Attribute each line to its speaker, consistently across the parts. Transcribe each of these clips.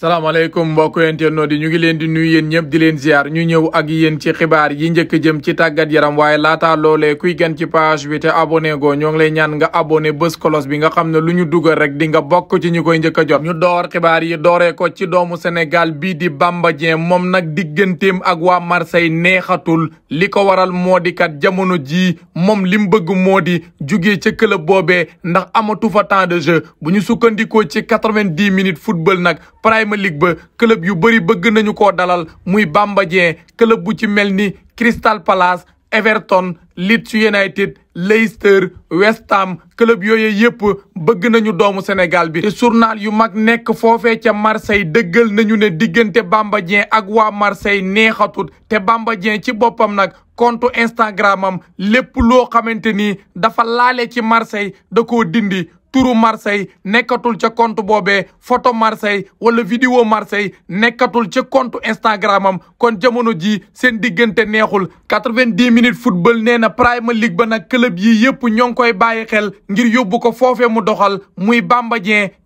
Speaker 1: salaamaaleykum mbokk yenteel di ñu ngi leen di nuyu yéen ñëpp di leen ziar ñu ñëw ak yéen ci xibaar yi njëkk jëm ci tàggat yaram waaye laataa loolee kuy gan ci page bi te abonné go ñoo ngi lay ñaan nga abonné bés kolos bi nga xam ne lu ñu dugal rek di nga bokk ci ñu koy njëkk a jot ñu door xibaar yi dooree ko ci doomu Sénégal bii di Bamba Dieng moom nag digganteem ak waa Marseille neexatul li ko waral moo di kat jamono jii moom li mu bëgg moo di jugee ca club boobee ndax amatu fa temps de jeu bu ñu sukkandikoo ci quatre-vingt-dix minutes nag Premier ba club yu bëri bëgg nañu koo dalal muy Bamba Dieng bu ci mel ni Crystal Palace Everton Leeds United Leicester West Ham club yooyu yëpp bëgg nañu doomu Sénégal bi te journal yu mag nekk foofee ca Marseille dëggal nañu ne diggante Bamba ak waa Marseille neexatut te Bamba ci boppam nag kont Instagram lépp loo xamante ni dafa laale ci Marseille da ko dindi turu Marseille nekkatul ca compte boobee photo Marseille wala vidéo Marseille nekkatul ca compte Instagram am kon jamono jii seen diggante neexul quatre-vingt-dix minutes football nee na Premier League ba nag club yi yëpp ñoo ngi koy bàyyi xel ngir yóbbu ko foofee mu doxal muy Bamba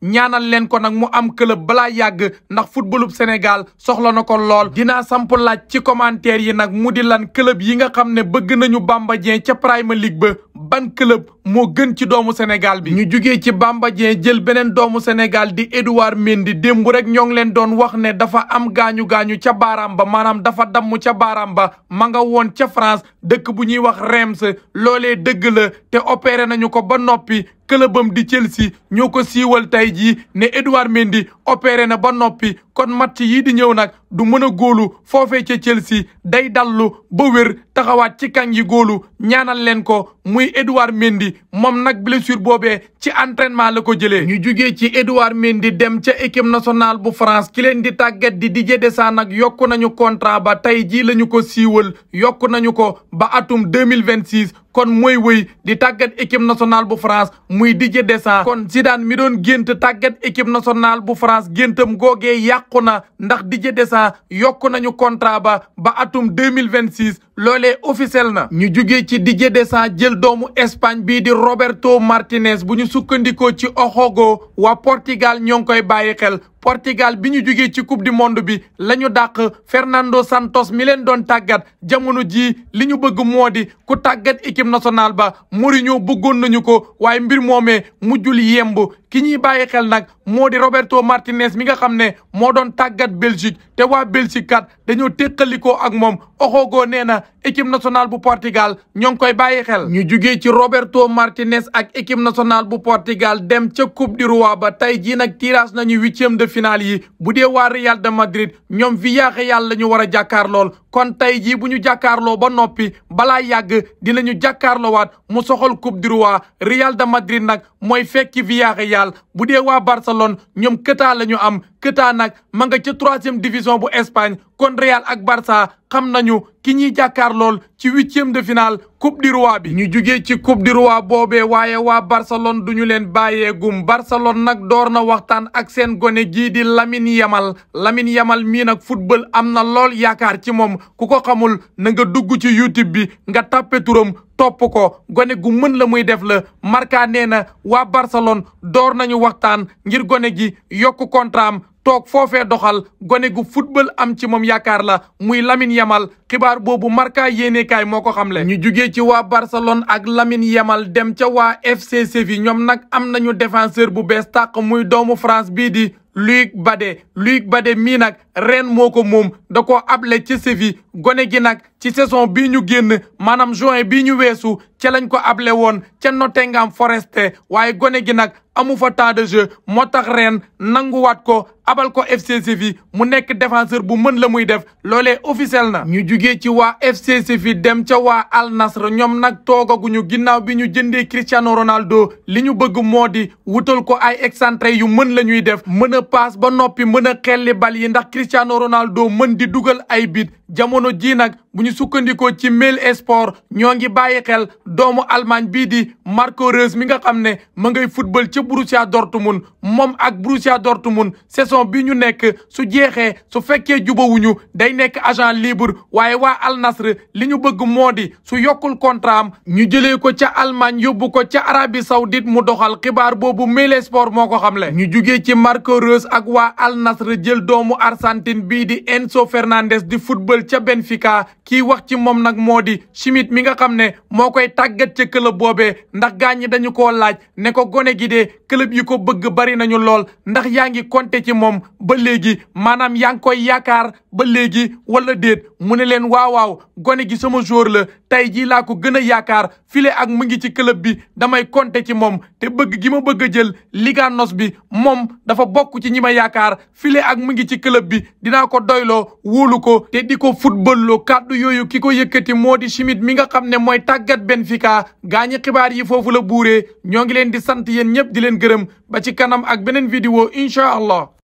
Speaker 1: ñaanal leen ko nag mu am club balaa yàgg ndax footballub Sénégal soxla na ko lool dinaa samp laaj ci commentaire yi nag mu di lan club yi nga xam ne bëgg nañu Bamba ca Premier League ba ban club moo gën ci doomu Sénégal bi ñu jugee ci Bamba jël beneen doomu Sénégal di Edouard Mendy démb rek ñoo ngi leen doon wax ne dafa am gaañu gaañu ca baaraam ba maanaam dafa damm ca baaraam ba ma nga woon ca France dëkk bu ñuy wax Reims loolee dëgg la te opéré nañu ko ba noppi këlëbam di Chelsea ñoo ko siiwal tey jii ne Edouard Mendy opéré na ba noppi kon match yii di ñëw nag du mën a góolu foofee ca Chelsea day dallu ba wér taxawaat ci kan yi góolu ñaanal leen ko muy Edouard Mendy moom nag blessure boobee ci entraînement la ko jëlee. ñu jugee ci Edouard Mendy dem ca équipe nationale bu France ki leen di tàggat di Didier Deschamps nag yokku nañu contrat ba tey jii la ñu ko siiwal yokku nañu ko ba atum deux mille vingt six kon mooy wëy di tàggat équipe nationale bu France muy Didier Deschamps kon Zidane mi doon gént tàggat équipe nationale bu France géntam googe yàqu na ndax Didier Deschamps yokk nañu contrat ba ba atum deux mille vingt six loolee officiel na. ñu jugee ci Didier Deschamps jël doomu Espagne bii di Roberto Martinez bu ñu sukkandikoo ci Oxogo waa Portugal ñoo ngi koy bàyyi xel. Portugal bi ñu jugee ci coupe du monde bi la ñu dàq Fernando Santos mi leen doon tàggat jamono jii li ñu bëgg moo di ku tàggat équipe nationale ba Mourinho bëggoon nañu ko waaye mbir moomee mujjul yemb ki ñuy bàyyi xel nag moo di Roberto Martinez mi nga xam ne moo doon tàggat Belgique te waa Belgique kat dañoo téqalikoo ak moom oxoogoo nee na équipe nationale bu Portugal ñoo ngi koy bàyyi xel. ñu jugee ci Roberto Martinez ak équipe national bu Portugal dem ca coupe du roi ba tey jii nag tirage nañu huitième de finale yi bu dee waa Real de Madrid ñoom Villarreal la ñu war a jàkkaar lool kon tey jii bu ñu jàkkaarloo ba noppi balaa yàgg dinañu jàkkaarloowaat mu soxal coupe du roi Real de Madrid nag mooy fekki Villarreal bu dee waa Barcelone ñoom këtaa la ñu am këtaa nag ma nga ca troisième division bu Espagne kon Real ak Barça xam nañu ki ñuy jàkkaar lool ci huitième de finale coupe du roi bi ñu jugee ci coupe du roi boobee waaye waa barcelone duñu leen bàyyee gum barcelone nag door na waxtaan ak seen gone gii di Lamine Yamal Lamine Yamal mii nag football am na lool yaakaar ci moom ku ko xamul na nga dugg ci youtube bi nga tappee turam topp ko gone gu mën la muy def la marka nee na waa Barcelone door nañu waxtaan ngir gone gi yokk kontraam toog foofee doxal gone gu football am ci moom yaakaar la muy lamin Yamal xibaar boobu Marca yéenekaay moo ko xamle ñu jugee ci waa Barcelone ak Lamine Yamal dem ca waa FC Séville ñoom nag am nañu défenseur bu bees tàq muy doomu France bii di Luc Badé Luc Badé mii nag ren moo ko moom da koo able ci Séville gone gi nag ci saison bii ñu génn maanaam juin bii ñu weesu ca lañ ko able woon ca Nottingham Forest waaye gone gi nag amu fa temps de jeu moo tax ren nanguwaat ko abal ko FC Séville mu nekk défenseur bu mën la muy def loole officiel na. ñu jugee ci waa FC Séville dem ca waa Al Nassr ñoom nag toogaguñu ginnaaw bi ñu jëndee Cristiano Ronaldo li ñu bëgg moo di wutal ko ay excentré yu mën la ñuy def a ba noppi mën a xelli bal yi ndax Cristiano Ronaldo mën di dugal ay bit jamono ji nag bu ñu sukkandikoo ci mail sport ñoo ngi bàyyi xel doomu Allemagne bii di Marco Reus mi nga xam ne ma ngay football ca Borussia Dortmund moom ak Borussia Dortmund saison bi ñu nekk su jeexee su fekkee jubawuñu day nekk agent libre waaye waa Al Nassr li ñu bëgg moo di su yokkul contrat ñu jëlee ko ca Allemagne yóbbu ko ca Arabie Saoudite mu doxal xibaar boobu mail sport moo ko xamle. ñu jugee ci Marco Reus ak waa Al Nassr jël doomu Argentine bii di Enzo di football ca Benfica. kii wax ci moom nag moo di Schmidt mi nga xam ne moo koy tàggat ca club boobee ndax gaañ ñi dañu koo laaj ne ko gone gi dee club yi ko bëgg bari nañu lool ndax yaa ngi compter ci moom ba léegi maanaam yaa ngi koy yaakaar ba léegi wala déet mu ne leen waaw waaw gone gi sama joueur la tey jii laa ko gën a yaakaar file ak mu ngi ci club bi damay compter ci moom te bëgg gi ma bëgg a jël Liga bi moom dafa bokk ci ñi ma yaakaar file ak mu ngi ci club bi dinaa ko doyloo wóolu ko te di ko football loo kàddu yooyu ki ko yëkkati moo di Schmidt mi nga xam ne mooy tàggat Benfica gaañi xibaar yi foofu la buuree ñoo ngi leen di sant yéen ñëpp di leen gërëm ba ci kanam ak beneen vidéo incha allah